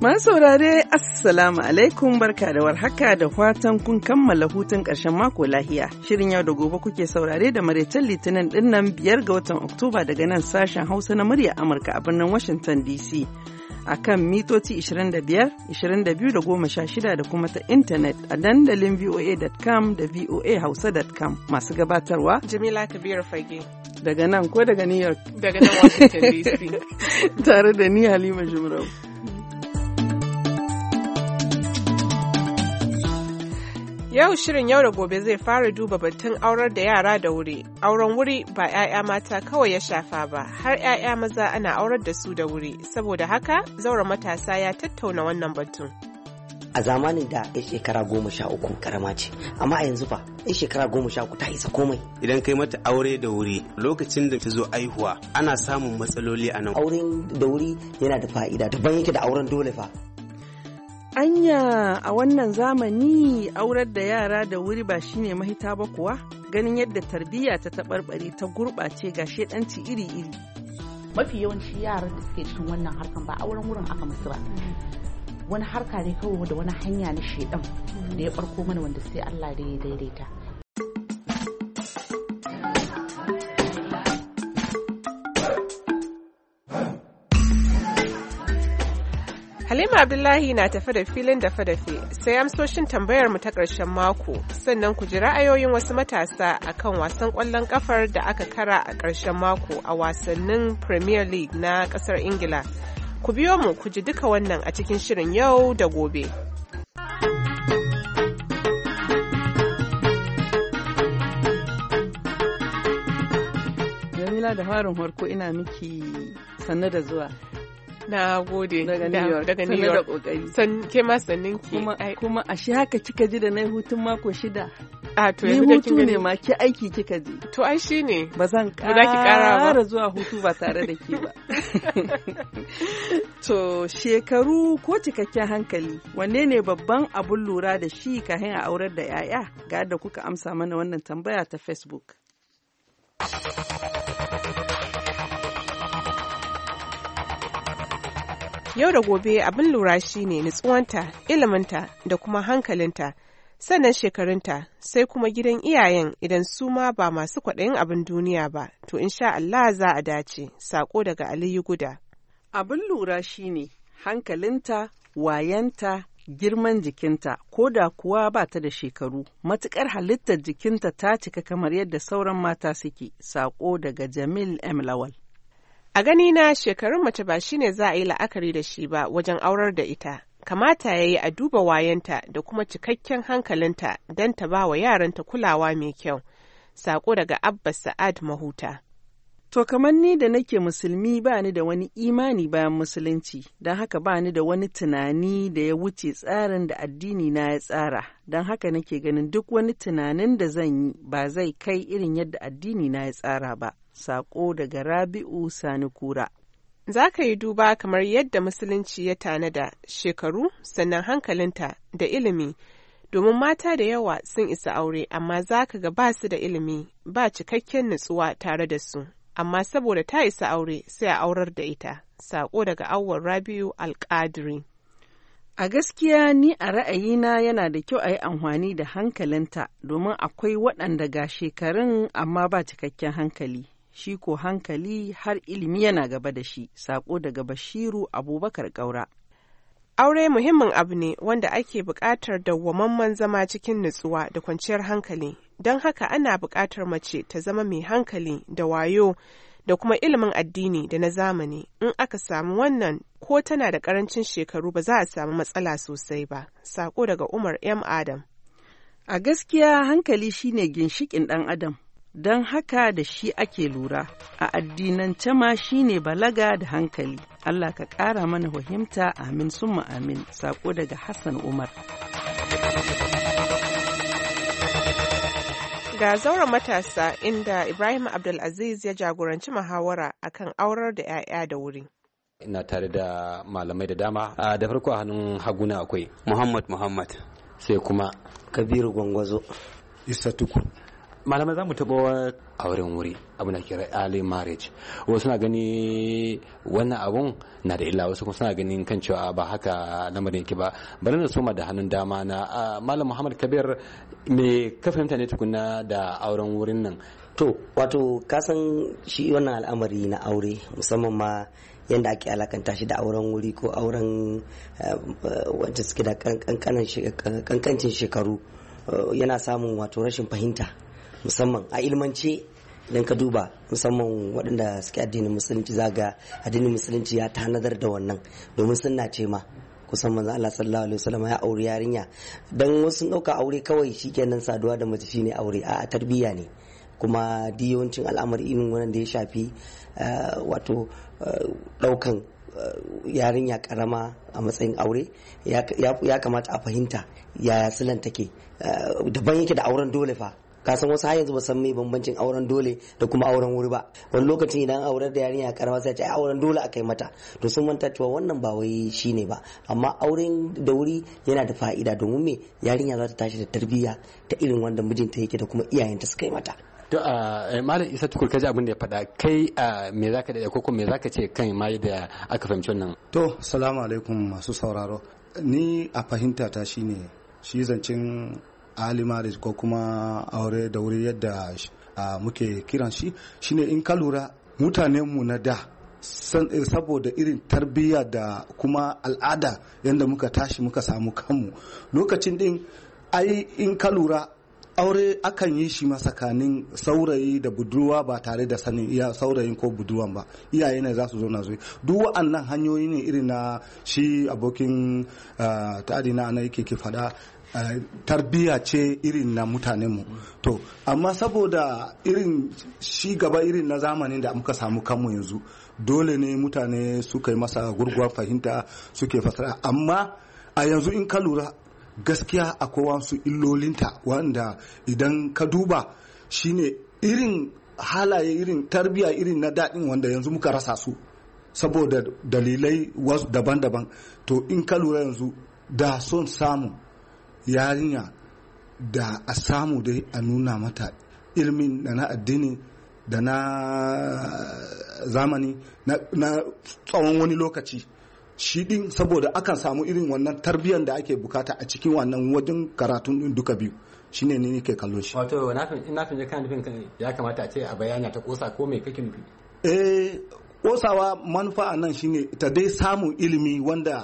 Masu saurare Assalamu alaikum barka da warhaka da fatan kun kammala hutun ƙarshen mako lahiya. Shirin yau da gobe kuke saurare da maraicen litinin dinnan biyar ga watan Oktoba daga nan sashen Hausa na murya Amurka a birnin Washington DC. A kan mitoci 25, 22 da goma sha shida da kuma ta intanet a dandalin voa.com da voahausa.com masu gabatarwa. Jamila Kabiru Fage. Daga nan ko daga New York? Daga nan Washington DC. Tare da ni Halima Jumrau. Yau shirin yau da gobe zai fara duba batun aurar da yara da wuri. Auren wuri ba 'ya'ya mata kawai ya shafa ba, har 'ya'ya maza ana aurar da su da wuri. Saboda haka, zaura matasa ya tattauna wannan batun. A zamanin da ya shekara goma sha uku karama ce, amma a yanzu fa ya shekara goma sha uku ta isa komai. Idan kai mata aure da wuri lokacin da ta zo aihuwa ana samun matsaloli a nan. Auren da wuri yana da fa'ida, daban yake da auren dole fa. Anya a wannan zamani aurar da yara da wuri ba shine mahita ba kuwa ganin yadda tarbiyya ta taɓarɓare ta gurɓace ga shedanci iri-iri. Mafi yawanci yaran da suke cikin wannan harkan ba auren wurin aka musu ba. Wani harka ne kawai da wani hanya na shedan da ya ɓarko mana wanda sai Allah da ya daidaita. Halima Abdullahi na tafe da filin dafe dafe sai amsoshin tambayar mu ta ƙarshen mako sannan ku ji ra'ayoyin wasu matasa a kan wasan ƙwallon ƙafar da aka kara a ƙarshen mako a wasannin Premier League na ƙasar Ingila. Ku biyo mu ku ji duka wannan a cikin shirin yau da gobe. Jamila da farin farko ina miki sannu da zuwa. na gode daga new york san ke ma sannin ki kuma a shi haka kika ji da na hutun mako shida a to yanzu hutu ne ma ki aiki kika ji to ai ne. ba zan kara zuwa hutu ba tare da ke ba to shekaru ko cikakken hankali wanne ne babban abun lura da shi kahin a aurar da yaya ga da kuka amsa mana wannan tambaya ta facebook Yau da gobe abin lura shine nutsuwanta, iliminta da kuma hankalinta, sannan shekarunta sai kuma gidan iyayen idan su ma ba masu kwaɗayin abin duniya ba, to sha Allah za a dace, sako daga Aliyu Guda. Abin lura shine hankalinta, wayanta, girman jikinta ko da kuwa ba ta da shekaru matukar halittar jikinta ta cika kamar yadda sauran mata suke sako daga jamil m lawal A gani na shekarun mace ba shine za a yi la'akari da shi ba wajen aurar da ita. Kamata ya yi a duba wayanta da kuma cikakken hankalinta don ta ba wa yaranta kulawa mai kyau. Sako daga Abba Sa'ad Mahuta. To kamar ni da nake musulmi ba ni da wani imani bayan musulunci, don haka ba ni da wani tunani da ya wuce tsarin da addini na ya tsara, don haka nake ganin duk wani tunanin da zan yi ba zai kai irin yadda addini na ya tsara ba. Sako daga Rabi'u Sani Kura. Za ka yi duba kamar yadda musulunci ya tanada shekaru sannan hankalinta da ilimi, domin mata da yawa sun isa aure amma za ka ga ba su da ilimi ba cikakken nutsuwa tare da su. amma saboda ta isa aure sai a aurar da ita sako daga awwal rabiu alkadiri a gaskiya ni a ra'ayina yana da kyau a yi amfani da hankalinta domin akwai waɗanda ga shekarun amma ba cikakken hankali shi ko hankali har ilimi yana gaba da shi sako daga bashiru abubakar ƙaura Aure muhimmin abu ne wanda ake buƙatar dawwamamman zama cikin nutsuwa da kwanciyar hankali, don haka ana buƙatar mace ta zama mai hankali da wayo da kuma ilimin addini da na zamani. In aka samu wannan ko tana da ƙarancin shekaru ba za a samu matsala sosai ba. Sako daga Umar M. Adam. A gaskiya hankali shine ginshikin ɗan Adam. don haka da shi ake lura a addinance ma shine balaga da hankali Allah ka ƙara mana fahimta amin summa amin saƙo daga Hassan Umar ga zauren matasa inda Ibrahim Abdulaziz ya jagoranci muhawara akan aurar da 'ya'ya da wuri. Ina tare da malamai da dama a da farko hannun haguna akwai Muhammad Muhammad sai kuma Kabiru Gwangwazo Isa Tukur malamai za mu taɓa auren wuri abu na kira early marriage wasu na gani wannan abun na da illa wasu kuma suna ganin kan cewa ba haka lamarin yake ba bari na soma da hannun dama na malam muhammad kabir me ka fahimta ne tukuna da auren wurin nan to wato kasan shi wannan al'amari na aure musamman ma yadda ake alakanta shi da auren wuri ko auren eh, wanda suke da kankancin shekaru eh, yana samun wato rashin fahimta musamman a ilmance idan ka duba musamman waɗanda suke addinin musulunci zaga addinin musulunci ya tanadar da wannan domin sunna ce ma kusan manzo Allah sallallahu alaihi wasallam ya auri yarinya dan wasu sun dauka aure kawai shi shikenan saduwa da mace shine aure a tarbiyya ne kuma diyawancin al'amari irin wannan da ya shafi eh, wato eh, ɗaukan eh, yarinya karama a matsayin aure ya kamata a fahimta yaya silan take daban yake da auren dole fa ka san wasu har yanzu ba san mai bambancin auren dole da kuma auren wuri ba wani lokacin idan aurar da yarinya karama sai ce auren dole akai mata to sun manta cewa wannan ba wai shine ba amma auren da wuri yana da fa'ida domin me yarinya za ta tashi da tarbiyya ta irin wanda mijinta yake da kuma iyayenta suka yi mata to a eh, malam isa tukur kaji abin da ya faɗa kai a me zaka da ko me zaka ce kan mai da aka fahimci wannan to salamu alaikum masu sauraro ni a fahimta ta shine shi zancen early marriage ko kuma aure da wuri yadda muke kiran shi shine in ka lura mu na da eh, saboda irin tarbiyya da kuma al'ada yadda muka tashi muka samu kanmu lokacin din ai in ka lura aure akan yi shi masakanin saurayi da budurwa ba tare da sanin iya saurayin ko budurwan ba iyaye ne za su zo na zuwa duk wa'annan hanyoyi ne irin na shi abokin tadi na ana yake ke faɗa Eh, tarbiyya ce irin na mutanenmu to amma saboda irin shi gaba irin na zamanin da muka samu kanmu yanzu dole ne mutane suka yi masa gurguwar fahimta suke fasara amma a yanzu in ka lura gaskiya akwai wasu illolinta wanda idan ka duba shine irin halaye irin tarbiya irin na daɗin wanda yanzu muka rasa su saboda dalilai wasu daban-daban to in ka lura yanzu da son samu yarinya da a samu dai a nuna mata ilmin da na addini da na zamani na tsawon wani lokaci shi din saboda akan samu irin wannan tarbiyyar da ake bukata a cikin wannan wajen karatun duka biyu shine ne nake kallon shi wato na fi kan nufin ya kamata a ce a bayana ta kosa ko mai kake nufi eh kosawa manufa a nan shine ta dai samun ilimi wanda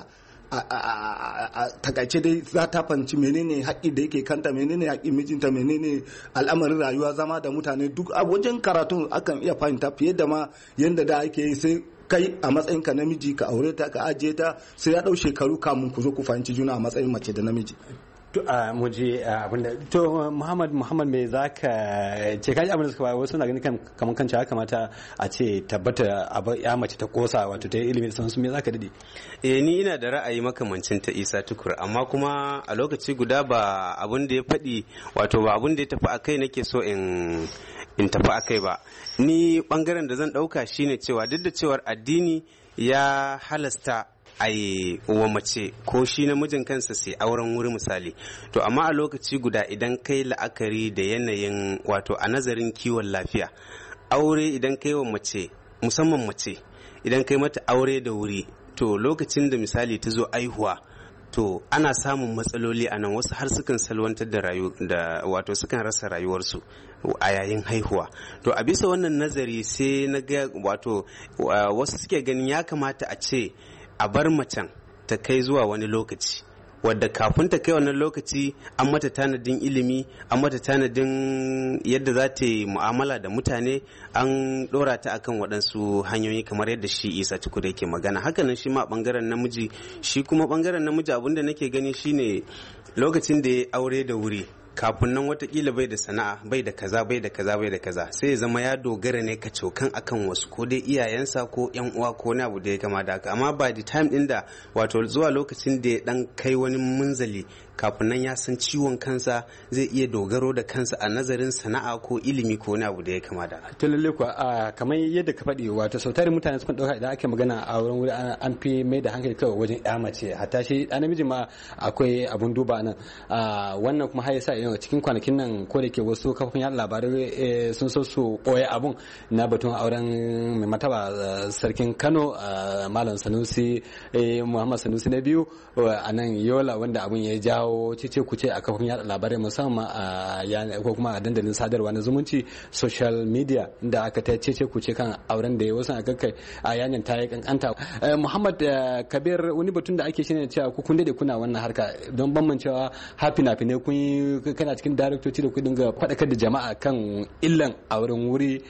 a takaice dai za ta fanci menene haƙƙi da yake kanta menene haƙƙi mijinta menene al'amarin rayuwa zama da mutane duk a wajen karatun akan iya fahimta fiye da ma yadda da ake yi sai kai a matsayin ka namiji ka aure ta ka ajiye ta sai ya ɗau shekaru kamun ku zo ku fahimci juna a matsayin mace da namiji to muhammad muje to muhammad mai za ka ce kaji da suka bayar wasu na ganin kamar kan ya kamata a ce tabbata ya mace ta kosa wato ta ilimin san me ka dade eh ni ina da ra'ayi makamancin ta isa tukur amma kuma a lokaci guda ba abin da ya faɗi wato ba abin da ya tafi a kai nake so in in tafi kai ba ni bangaren da zan ɗauka shine cewa duk da cewar addini ya halasta ai wa mace ko shi namijin kansa sai auren wuri misali to amma a lokaci guda idan kai la'akari da yanayin wato a nazarin kiwon lafiya aure idan kai wa mace musamman mace idan kai mata aure da wuri to lokacin da misali ta zo aihuwa to ana samun matsaloli a nan wasu har sukan salwantar da rayu da wato sukan rasa rayuwarsu a yayin haihuwa to a bisa wannan nazari sai na ga wato wasu suke ganin ya kamata a ce a bar macen ta kai zuwa wani lokaci wadda kafin ta kai wani lokaci an mata tanadin ilimi an mata tanadin yadda za ta yi mu'amala da mutane an dora ta akan waɗansu hanyoyi kamar yadda shi isa da yake magana hakanan shi ma ɓangaren namiji shi kuma ɓangaren namiji abinda nake gani shine lokacin da ya aure da wuri kafin nan watakila bai da sana'a bai da kaza bai da kaza bai da kaza sai ya zama ya dogara ne ka cokan akan wasu ko dai iyayensa ko yan uwa ko wani abu da ya kama da haka amma ba da time din da wato zuwa lokacin da ya dan kai wani munzali kafin nan ya san ciwon kansa zai iya dogaro da kansa a nazarin sana'a ko ilimi ko wani abu da ya kama da to lalle ko kamar yadda ka faɗi wato sau tare mutane sukan ɗauka idan ake magana a wurin wuri an fi mai da hankali kawai wajen ya mace hatta shi ɗan namiji ma akwai abun duba nan wannan kuma har yasa yau cikin kwanakin nan ko da ke wasu kafofin yaɗa labarai eh, sun so su ɓoye abun na batun auren mai mataba eh, sarkin Kano eh, malam Sanusi Muhammad Sanusi na biyu a nan Yola wanda abun ya jawo kawo cece kuce a kafin yada labarai musamman a ko kuma a dandalin sadarwa na zumunci social media da aka ta cece kuce kan auren da ya wasu a kakkai a yanin ta yi kankanta eh, muhammad eh, kabir wani batun da ake shine cewa ku kun dade kuna wannan harka don bambancewa hafi na finai kun kana cikin daraktoci da ku ga faɗakar da jama'a kan illan auren wuri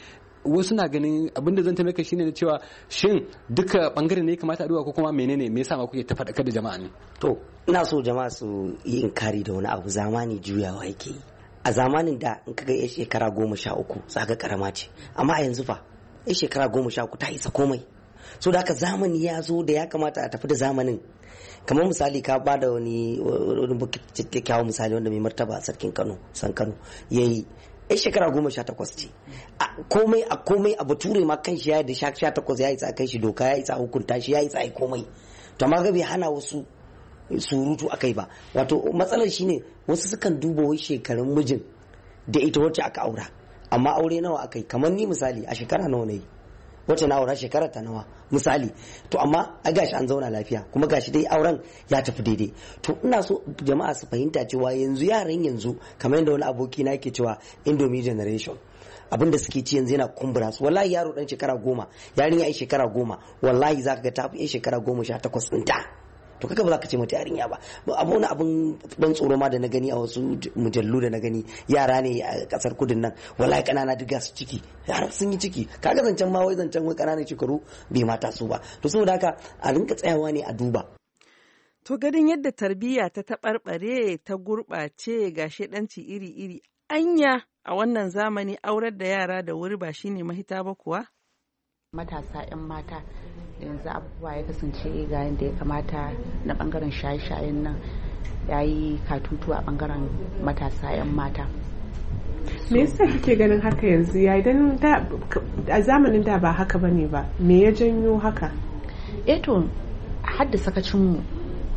wasu na ganin abinda zan tambaye shine na cewa shin duka bangare ne kamata a duba ko kuma menene me yasa ma kuke ta faɗakar da jama'a ne to ina so jama'a su yi inkari da wani abu zamani juyawa yake yi a zamanin da in kaga ya shekara goma sha uku zaka karama ce amma a yanzu fa ya shekara goma sha uku ta isa komai so da haka zamani ya zo da ya kamata a tafi da zamanin kamar misali ka ba da wani wani kyakkyawan misali wanda mai martaba sarkin kano san kano ya yi ai shekara goma sha takwas ce komai a komai a bature ma kan shi ya da sha takwas ya isa kai shi doka ya isa hukunta shi ya isa ai komai to amma ga bai hana wasu surutu akai ba wato matsalar shine wasu sukan duba wai shekarun mijin da ita wacce aka aura amma aure nawa akai kamar ni misali a shekara nawa na Wata na aura shekara ta nawa misali to amma a gashi an zauna lafiya kuma gashi dai auren ya tafi daidai to ina so jama'a su fahimta cewa yanzu yaran yanzu kamar yadda wani aboki na yake cewa indomie generation abin da suke ci yanzu yana kumbura su wallahi yaro dan shekara goma yarinya ai shekara goma wallahi zaka ga ta fi shekara goma sha takwas ta. to kaka ba za ka ce mata yarinya ba abu wani abun ban tsoro ma da na gani a wasu mujallu da na gani yara ne a kasar kudin nan wallahi kanana duk su ciki yara sun yi ciki kaga zancen ma wai zancen wai kanana shekaru bai mata su ba to saboda haka a rinka tsayawa ne a duba to ganin yadda tarbiyya ta taɓarɓare ta gurɓace ga ɗanci iri-iri anya a wannan zamani aurar da yara da wuri ba shine mahita ba kuwa matasa 'yan mata yanzu abubuwa ya kasance ga yadda ya kamata na bangaren shaye-shayen nan ya yi katutu a bangaren matasa 'yan mata me yasa kike ganin haka yanzu ya idan a zamanin da ba haka bane ba me ya janyo haka eto eh hadda sakacin mu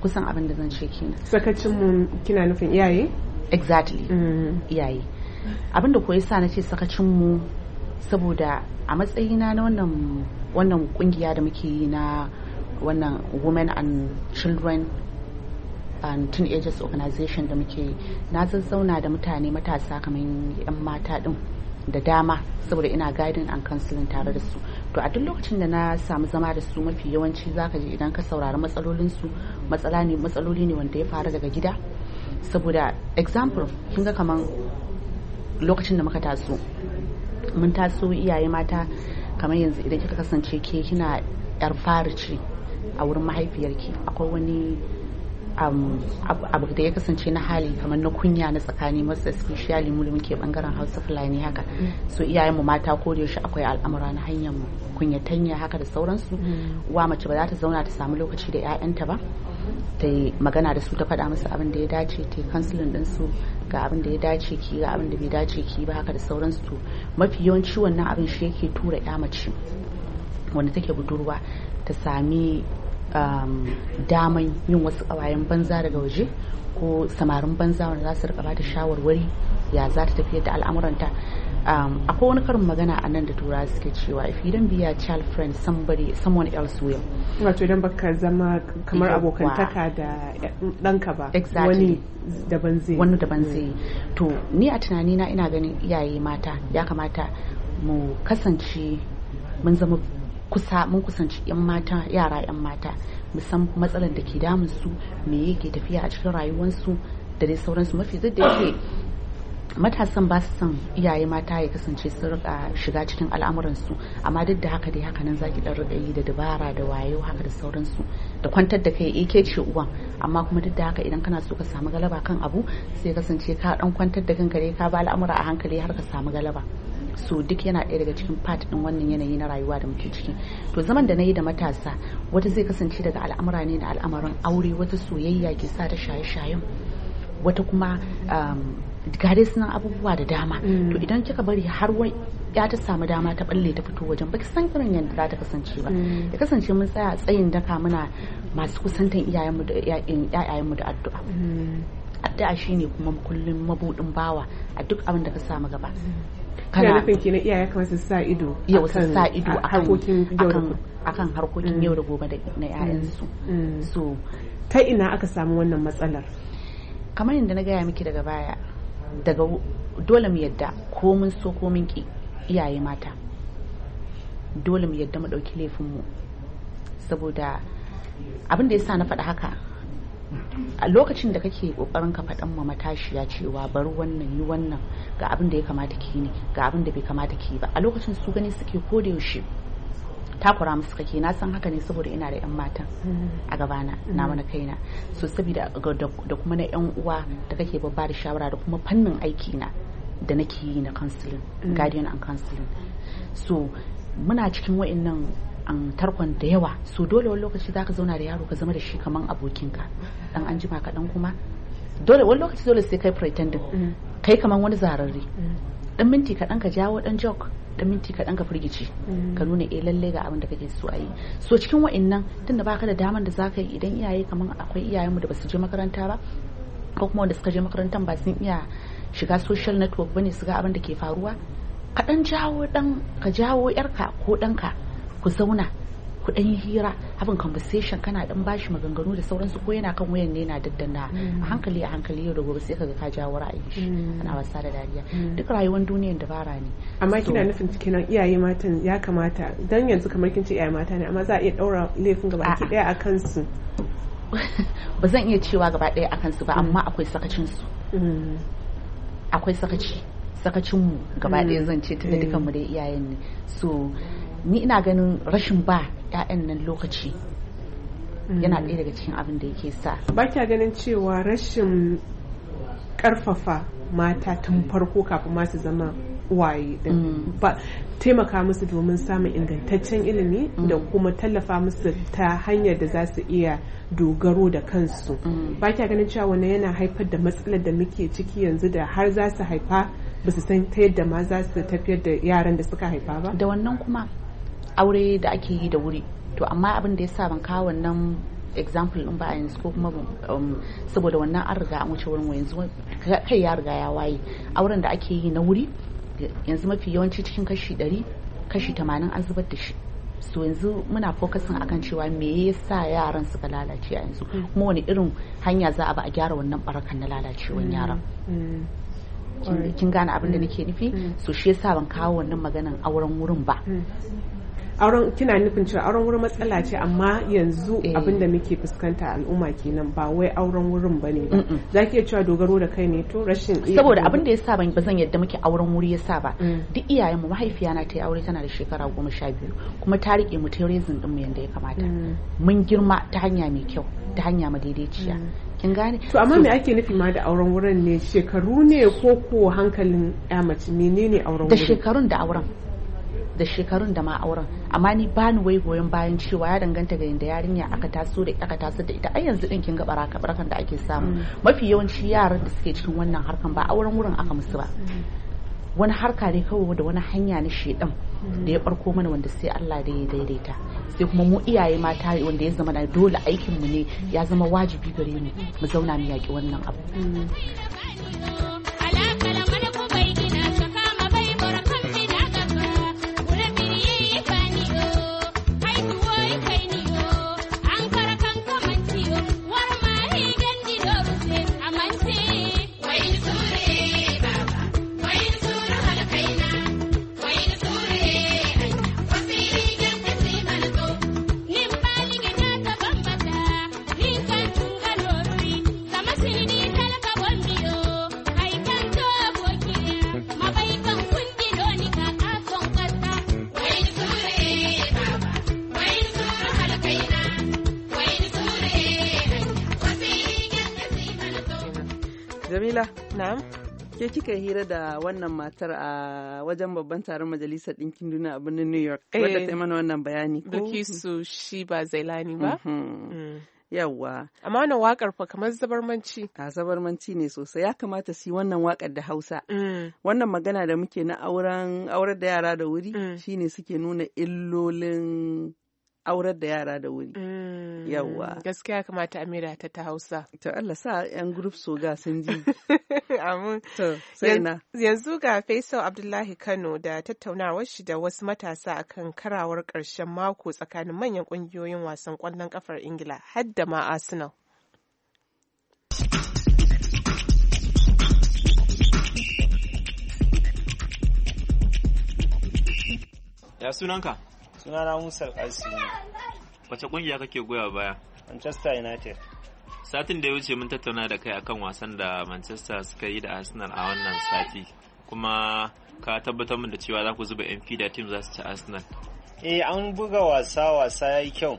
kusan abin da zan ce kina sakacin mu kina nufin iyaye exactly mm-hmm. iyaye abin da ko yasa na ce sakacin mu saboda a matsayina na wannan wannan kungiya da muke yi na wannan women and children and teenagers organization da muke na zazzauna da mutane matasa kamar 'yan mata din da dama saboda ina guiding and counseling tare da su to a duk lokacin da na samu zama da su mafi yawanci zaka ji idan ka saurari matsalolin su matsala ne matsaloli ne wanda ya faru daga gida saboda example kin kamar kaman lokacin da muka taso mun taso iyaye mata kamar yanzu idan kika kasance ke kina yar farici a wurin mahaifiyarki akwai wani abu da ya kasance na hali kamar na kunya na tsakani masu especially mu da muke bangaren hausa fulani haka mm. so iyayen mu mata ko da yaushe akwai al'amura na hanyar mu kunyatanya haka da sauransu mm. wa mace ba za ta zauna ta samu lokaci da 'ya'yanta ba ta yi magana da su ta faɗa musu abin da ya dace ta yi kansilin din su ga abin da ya dace ki ga abin da bai dace ki ba haka da sauransu mafi yawanci wannan abin shi yake tura ya mace wanda take budurwa ta sami Um, daman yin wasu kawayen banza daga waje ko samarin banza wanda za su rika bata shawarwari ya za ta tafiyar da al'amuranta um, akwai wani karin magana a nan da tura suke cewa if you don't be a child friend somebody someone else will wato idan baka zama kamar abokantaka da ɗanka ba wani daban zai wani daban zai to ni a tunanina ina ganin iyaye mata ya kamata mu kasance mun zama kusa mun kusanci yan mata yara yan mata musan matsalar da ke damun su me yake tafiya a cikin rayuwarsu da dai sauransu mafi zai da yake matasan ba su son iyaye mata ya kasance su rika shiga cikin al'amuransu amma duk da haka dai haka nan zaki dan rika yi da dabara da wayo haka da sauransu da kwantar da kai eh, ke ce uwan amma kuma duk da haka idan kana so ka samu galaba kan abu sai kasance ka dan kwantar da kanka ka ba al'amura a hankali har ka samu galaba so duk yana ɗaya daga cikin part ɗin wannan yanayi na rayuwa da muke ciki to zaman da na yi da matasa wata zai kasance daga al'amura ne da al'amarin aure wata soyayya ke sa ta shaye-shayen wata kuma um, gare sunan abubuwa da dama mm. to idan kika bari har wai ya ta samu dama ta balle ta fito wajen baki san irin yadda za ta kasance ba mm. ya kasance mun tsaya tsayin daka muna masu kusantan iyayenmu da iyayenmu da addu'a mm. addu'a shine kuma kullum mabudin bawa a duk abin da ka samu gaba kana nufin ke na iyaye kamar su sa ido yau su sa ido akan harkokin yau da gobe mm. na 'ya'yansu mm. mm. so ta ina aka samu wannan matsalar kamar yadda na gaya miki daga baya daga dole mu yadda ko mun so ko mun ki iyaye mata dole mu yadda mu ɗauki laifinmu saboda abin da ya sa na faɗa haka a lokacin da kake kokarin ka faɗan ma matashiya cewa bar wannan yi wannan ga abin da ya kamata ki ne ga abin da bai kamata ki ba a lokacin su gani suke koda yaushe takura musu kake na san haka ne saboda ina da yan matan a gabana na mana kaina so saboda da kuma na yan uwa da kake babba da shawara da kuma fannin aiki na da nake yi na counseling mm. guardian and counseling so muna cikin wa'annan tarkon da yawa so dole wani lokaci za ka zauna da yaro ka zama da shi kaman abokinka dan an jima kaɗan kuma dole wani lokaci dole sai kai pretending mm. kai kamar wani zararre mm. dan minti kaɗan ka jawo dan joke dan minti kaɗan ka firgice mm. ka nuna eh lalle ga abin da kake so a yi so cikin wa'annan tunda baka da daman da zaka yi idan iyaye kaman akwai iyayenmu da basu je makaranta ba ko kuma wanda suka je makarantar ba sun iya shiga social network bane su ga abin da ke faruwa ka dan jawo dan ka jawo yarka ko danka ku zauna ku dan hira abin conversation kana dan bashi maganganu da sauransu ko yana kan wayan ne yana daddana a mm. hankali a hankali yau da gobe sai kaga ka jawo ra'ayin shi mm. ana wasa da dariya mm. duk rayuwar duniyar dabara ne amma kina nufin nan iyaye matan ya kamata dan yanzu kamar kin ce iyaye mata ne amma za a iya daura laifin gaba ki daya akan ba zan iya cewa gaba daya a kansu ba amma akwai sakacin su akwai sakaci sakacin mu gaba daya zan ce tunda dukan mu dai iyayen ne so ni ina ganin rashin ba 'ya'yan nan lokaci yana mm. ɗaya daga cikin abin da yake sa ba kya ganin cewa rashin karfafa mata tun mm. farko kafin masu zama waye mm. ba taimaka musu domin samun ingantaccen ilimi da kuma tallafa musu ta hanyar da za su iya dogaro da kansu ba kya ganin cewa wannan yana haifar da matsalar da muke ciki yanzu da har za su haifa ba su san ta yadda ma za su tafiyar da yaran da suka haifa ba da wannan kuma aure da ake yi da wuri to amma abin da ya sa ban kawo wannan example din ba a yanzu ko kuma um, saboda wannan an riga an wuce wurin yanzu kai ya riga ya waye auren da ake yi na wuri yanzu mafi yawanci cikin kashi ɗari kashi tamanin an zubar da shi so yanzu muna fokasin akan cewa me yasa yaran suka lalace a yanzu mm. kuma wani irin hanya za a ba a gyara wannan barakan na lalacewan mm. yaran mm. kin gane abin da nake nufi so shi yasa ban kawo wannan maganan auren wurin ba auren kina nufin cewa auren wurin matsala ce amma yanzu eh. abin da muke fuskanta al'umma kenan ba wai auren wurin ba ne za ki iya cewa dogaro da kai ne to rashin iya saboda abin da ya sa ban zan yadda muke auren wuri ya sa ba mm. duk iyayenmu mahaifiya na ta yi aure tana da shekara goma sha biyu kuma ta riƙe mu ta rezin mu yadda ya kamata mm. mun girma ta hanya mai kyau ta hanya madaidaiciya mm. kin gane to amma me ake nufi ma da auren wurin ne shekaru ne ko ko hankalin ya mace menene auren wurin da shekarun da auren da shekarun da ma auren amma ni ba ni wai goyon bayan cewa ya danganta ga yadda yarinya aka taso da aka taso da ita ai yanzu din kin ga baraka barakan da ake samu mm. mafi yawanci yaran da suke cikin wannan harkan ba auren wurin aka musu ba mm. wani harka ne kawai da wani hanya na shedan mm. da ya barko mana wanda sai Allah da ya daidaita sai kuma mu iyaye mata wanda ya zama na dole aikin mu ne ya zama wajibi gare mu mu zauna mu yaki wannan abu kika hira da wannan matar a wajen babban taron majalisar ɗinkin duniya a birnin New York. Eh, Wadda ta mana wannan bayani ko? Hmm. su shi ba Zailani ba. Mm-hmm. Mm. Yawwa. Amma wannan wakar fa kamar zabarmanci. A zabarmanci ne sosai ya kamata su yi wannan wakar da Hausa. Mm. Wannan magana da muke na auren aurar da yara da wuri mm. shine suke nuna illolin aurar da yara da wuri. Mm, Yawwa. Gaskiya kamata Amira ta ta Hausa. To Allah sa 'yan group so sun ji. Amin. To sai na. Yanzu ga Faisal Abdullahi Kano da tattaunawar shi da wasu matasa akan karawar ƙarshen mako tsakanin manyan ƙungiyoyin wasan ƙwallon ƙafar Ingila har da ma Arsenal. Ya sunanka? Suna na Musa ne. wace ƙungiya kake goya baya Manchester United satin da ya wuce mun tattauna da kai akan wasan da Manchester suka yi da Arsenal a wannan sati kuma ka tabbatar min da cewa za ku zuba yan fida tim za su ci Arsenal eh an buga wasa wasa ya yi kyau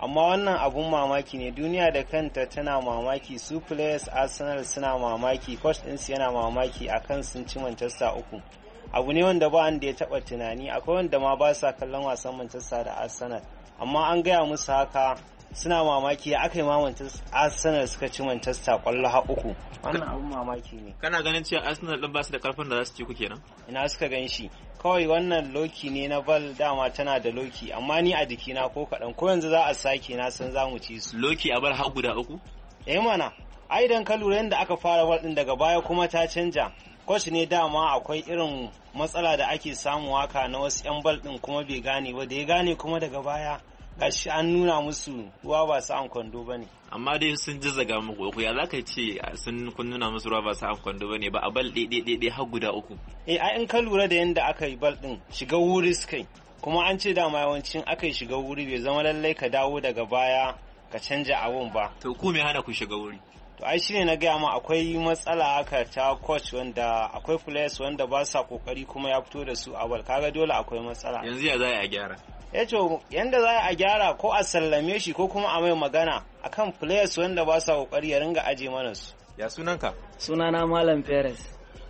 amma wannan abun mamaki ne duniya da kanta tana mamaki su players arsenal suna mamaki coach ɗinsu yana mamaki akan sun ci manchester uku abu ne wanda ba da ya taba tunani akwai wanda ma ba sa kallon wasan Manchester da Arsenal amma an gaya musu haka suna mamaki aka yi ma Arsenal suka ci Manchester kwallo ha uku wannan abun mamaki ne kana ganin cewa Arsenal din ba su da karfin da za su ci ku kenan ina suka gan shi kawai wannan loki ne na bal dama tana da loki amma ni a jikina ko kaɗan ko yanzu za a sake na san za mu ci su loki a bar ha guda uku eh mana ai dan ka lura yadda aka fara bal din daga baya kuma ta canja coach ne dama akwai irin matsala da ake samu waka na wasu 'yan balɗin kuma bai gane ba da ya gane kuma daga baya gashi an nuna musu ruwa ba su an kwando ba ne. Amma dai sun ji zaga muku ya ya ka ce sun kun nuna musu ruwa ba su an kwando ba ne ba a bal ɗaiɗaiɗaiɗai har guda uku. Eh a in ka lura da yadda aka yi bal ɗin shiga wuri suka kuma an ce dama yawancin aka yi shiga wuri bai zama lallai ka dawo daga baya ka canja abun ba. To ku me hana ku shiga wuri? to ai shine na gaya ma akwai matsala haka ta coach wanda akwai players wanda ba sa kokari kuma ya fito da su a bal kaga dole akwai matsala yanzu ya zai a gyara ya eh ce yanda za a gyara ko a sallame shi ko kuma a mai magana akan players wanda ba sa kokari ya ringa aje mana su ya sunanka sunana malam perez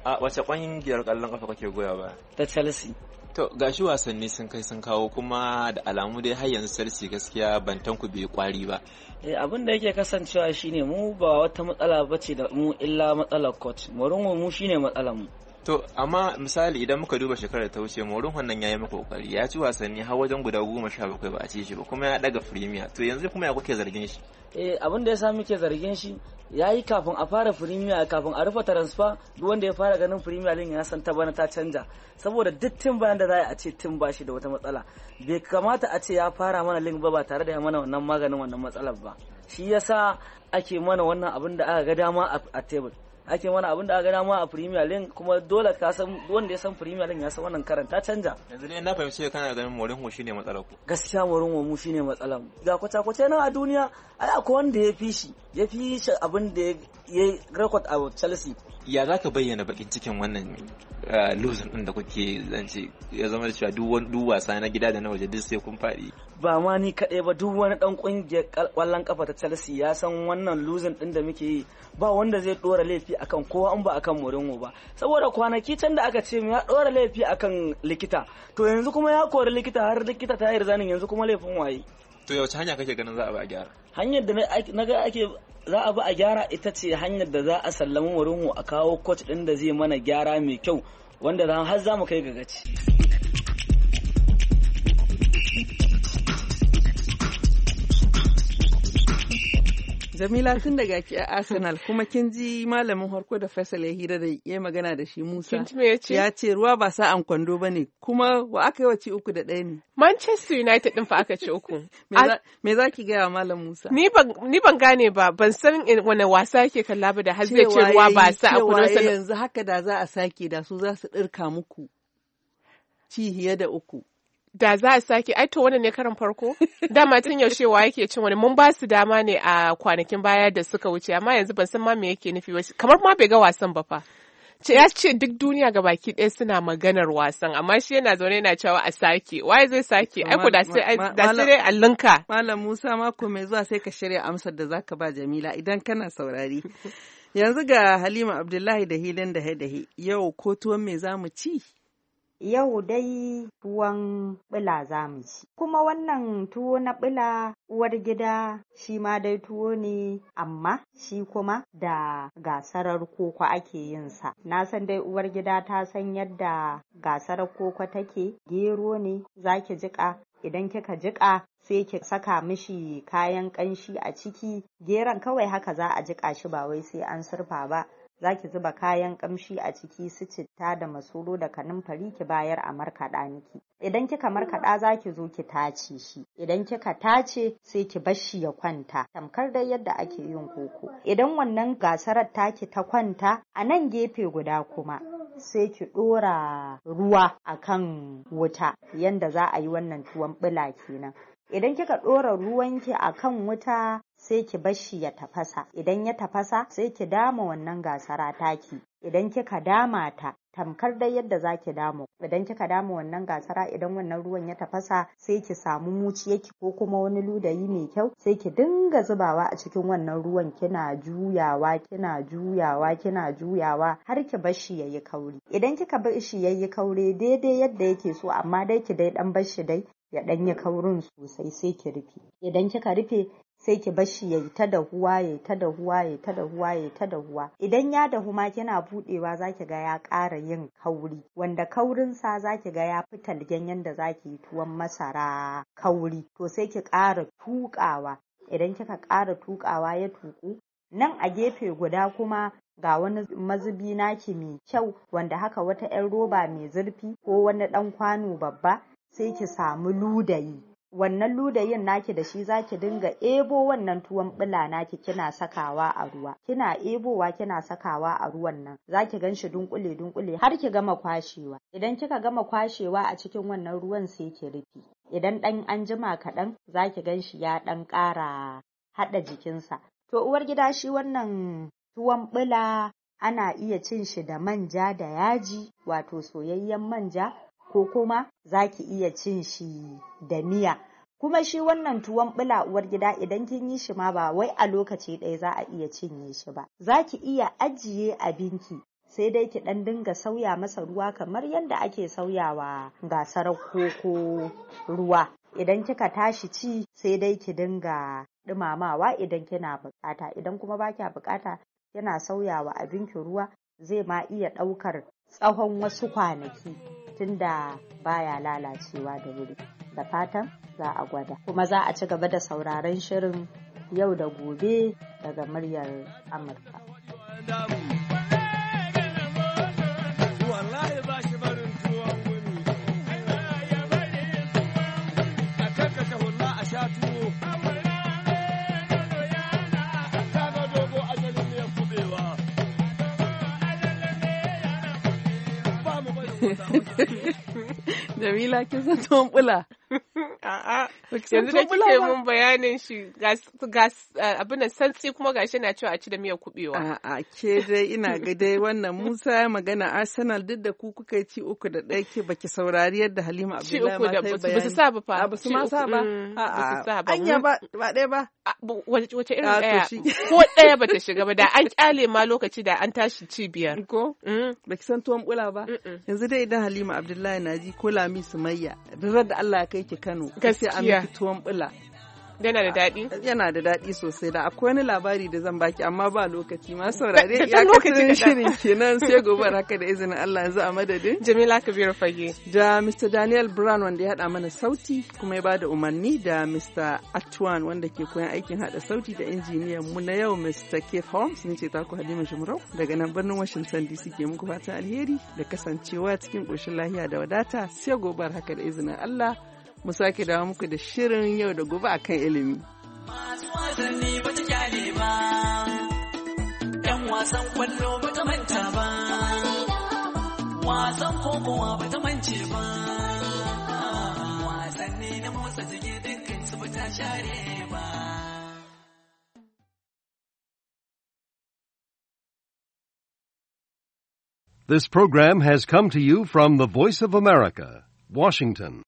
a wace ƙungiyar kallon kafa kake goya ba ta chelsea To shi wasanni sun kai sun kawo kuma da alamu dai har yanzu sarsi gaskiya bantan ku bai kwari ba. Eh abin da yake kasancewa shine mu ba wata matsala bace da mu illa matsalar coach. Mourinho mu shine matsalar mu. To amma misali idan muka duba shekarar ta wuce Mourinho wannan yayi maka kokari ya ci wasanni har wajen guda goma sha bakwai ba a ci shi ba kuma ya daga Premier to yanzu kuma ya kuke zargin shi? Eh abin da ya sa muke zargin shi yayi kafin a fara firimiya kafin a rufe transfer duk wanda ya fara ganin firimiya League ya san ta bana ta canja saboda duk tun bayan da za a ce tin ba shi da wata matsala bai kamata a ce ya fara mana link ba ba tare da ya mana wannan maganin wannan matsalar ba shi yasa ake mana wannan abin da aka ga dama a table ake mana abin da aka dama a Premier League kuma dole ka san wanda ya san Premier League ya san wannan karanta canja yanzu ne na fahimci kana ganin Mourinho shine matsalar ku gaskiya Mourinho mu shine matsalar mu ga kwata-kwata na a duniya ai akwai wanda ya fi shi ya fi abin da ya rekod a Chelsea. Ya za ka bayyana bakin cikin wannan uh, losin ɗin da kuke zance ya zama da cewa duk wasa na gida da na waje duk sai kun faɗi. Ba ma ni kaɗai ba duk wani ɗan ƙungiyar ƙwallon ƙafa ta Chelsea ya san wannan losin din da muke yi ba wanda zai ɗora laifi akan kowa in ba akan Mourinho ba. Saboda kwanaki can da aka ce mu ya ɗora laifi akan likita to yanzu kuma ya kori likita har likita ta yi rizanin yanzu kuma laifin waye. To yawace hanya kake ganin za a ba gyara? hanyar da na ga ake za a bi a gyara ita ce hanyar da za a sallami warinmu a kawo kwat ɗin da zai mana gyara mai kyau wanda har za mu kai ga gaci. Jamila tun daga ki a Arsenal kuma kin ji malamin harko da Faisal ya hira da ya magana da shi Musa. ya ce? ruwa ba sa an kwando ba ne kuma wa aka yi wa ci uku da ɗaya ne. Manchester United ɗin fa aka ci uku. Me za ki gaya malam Musa? Ni ban gane ba ban san wani wasa yake kalla ba da har zai ce ruwa ba sa a kwando. Cewa yanzu haka da za a sake da su za su ɗirka muku. Ci hiye da uku. da za a sake ai to wannan ne karin farko dama tun yaushe wa yake cin wani mun ba su dama ne a kwanakin baya da suka wuce amma yanzu ban san ma me yake nufi ba kamar ma bai ga wasan ba fa ce ya ce duk duniya ga baki ɗaya suna maganar wasan amma shi yana zaune yana cewa a sake waye zai sake ai da sai da sai dai allinka malam Musa mako mai zuwa sai ka shirya amsar da zaka ba Jamila idan kana saurari yanzu ga Halima Abdullahi da hilin da hadahi yau ko tuwon me zamu ci Yau dai tuwon ɓila za mu ci. Kuma wannan tuwo na ɓila uwar gida shi ma dai tuwo ne amma shi kuma da gasarar koko ake yin sa. Na san dai uwar gida ta san yadda gasarar koko take gero ne za ki jiƙa idan kika jiƙa sai ki saka mishi kayan ƙanshi a ciki geron kawai haka za a jiƙa shi ba wai sai an surfa ba za ki zuba kayan kamshi a ciki su citta da masoro da kanumfari ki bayar a markaɗa miki idan kika markaɗa za ki zo ki tace shi idan kika tace sai ki bar shi ya kwanta tamkar dai yadda ake yin koko idan wannan gasarar taki ta kwanta a nan gefe guda kuma sai ki ɗora ruwa a kan wuta yadda za a yi wannan tuwon ɓula kenan idan kika ɗora ruwanki a kan wuta sai ki bashi ya tafasa idan ya tafasa sai ki dama wannan gasara taki idan kika dama ta tamkar dai yadda za ki damu idan kika dama wannan gasara idan wannan ruwan ya tafasa sai ki samu muciyarki ko kuma wani ludayi mai kyau sai ki dinga zubawa a cikin wannan ruwan kina juyawa kina juyawa kina juyawa har ki bashi yayi kauri idan kika bashi yayi kauri daidai yadda yake so amma dai ki dai dan bashi dai ya ɗanyi kaurin sosai sai ki rufe idan kika rufe sai ki bar shi yayi ta dahuwa yayi ta dahuwa yayi ta dahuwa yayi ta dahuwa idan ya dahu ma kina budewa zaki ga ya ƙara yin kauri wanda kaurin sa zaki ga ya fita ganyen yanda zaki yi tuwon masara kauri to sai ki ƙara tukawa idan kika ƙara tukawa ya tuku nan a gefe guda kuma ga wani mazubi naki mai kyau wanda haka wata 'yan roba mai zurfi ko wani ɗan kwano babba sai ki samu ludayi Wannan ludayin naki da shi zaki dinga ebo wannan tuwon bula naki kina sakawa a ruwa. Kina ebowa kina sakawa a ruwan nan. zaki ganshi gan shi dunkule-dunkule har ki gama kwashewa. Idan kika gama kwashewa a cikin wannan ruwan sai ki rufe. Idan ɗan anjima kaɗan zaki gan shi ya ɗan ƙara haɗa jikinsa. To uwar gida shi wannan tuwon bula ana iya cin shi da manja da yaji wato soyayyen manja ko kuma za ki iya cin shi da miya kuma shi wannan tuwon bula gida idan kin yi shi ma ba wai a lokaci ɗaya za a iya cinye shi ba za ki iya ajiye abinki sai dai ki ɗan dinga sauya masa ruwa kamar yadda ake sauyawa gasar koko ruwa idan kika tashi ci sai dai ki dinga ɗumamawa idan kina bukata idan kuma ba kya bukata yana sauyawa abinki ruwa zai ma iya ɗaukar tsawon wasu kwanaki da baya lalacewa da wuri da fatan za a gwada kuma za a ci gaba da sauraron shirin yau da gobe daga muryar amurka Jamila kin san tuwon bula. A'a, yanzu da kike mun bayanin shi abin santsi kuma gashi na cewa a ci da miyar kubewa. A'a, ke dai ina ga dai wannan Musa ya magana Arsenal duk da ku kuka ci uku da ɗaya ke baki saurari yadda Halima Abdullahi ma ta bayani. Ba su sa ba fa. Ba su ma sa ba. Mm, A'a, anya ba ba ɗaya ba. Wace irin ɗaya? Ko ɗaya ba ta shiga ba da an kyale ma lokaci da an tashi ci biyar. Ko? Mm. Baki san tuwon bula ba. Yanzu dai idan Halima Abdullahi na ji ko Lami Sumayya, duk da Allah ya kai kai ki Kano gaskiya a miki tuwon bula yana da daɗi yana da daɗi sosai da akwai wani labari da zan baki amma ba lokaci ma saurare ya lokacin shirin kenan sai gobe haka da izinin Allah yanzu a madadin Jamila Kabiru Fage da Mr Daniel Brown wanda ya hada mana sauti kuma ya bada umarni da Mr Atwan wanda ke koyan aikin hada sauti da injiniyan mu na yau Mr Keith Holmes ni ce taku Halima Jumrau daga nan birnin Washington DC ke muku fatan alheri da kasancewa cikin ƙoshin lahiya da wadata sai gobe haka da izinin Allah mu sake dawo muku da shirin yau da gobe akan ilimi. Masu wasanni ba ta kyale ba, ‘yan wasan kwallo ba ta manta ba, wasan kokowa ba ta mance ba, wasanni na motsa dukkan su ba ta share ba. This program has come to you from the Voice of America, Washington.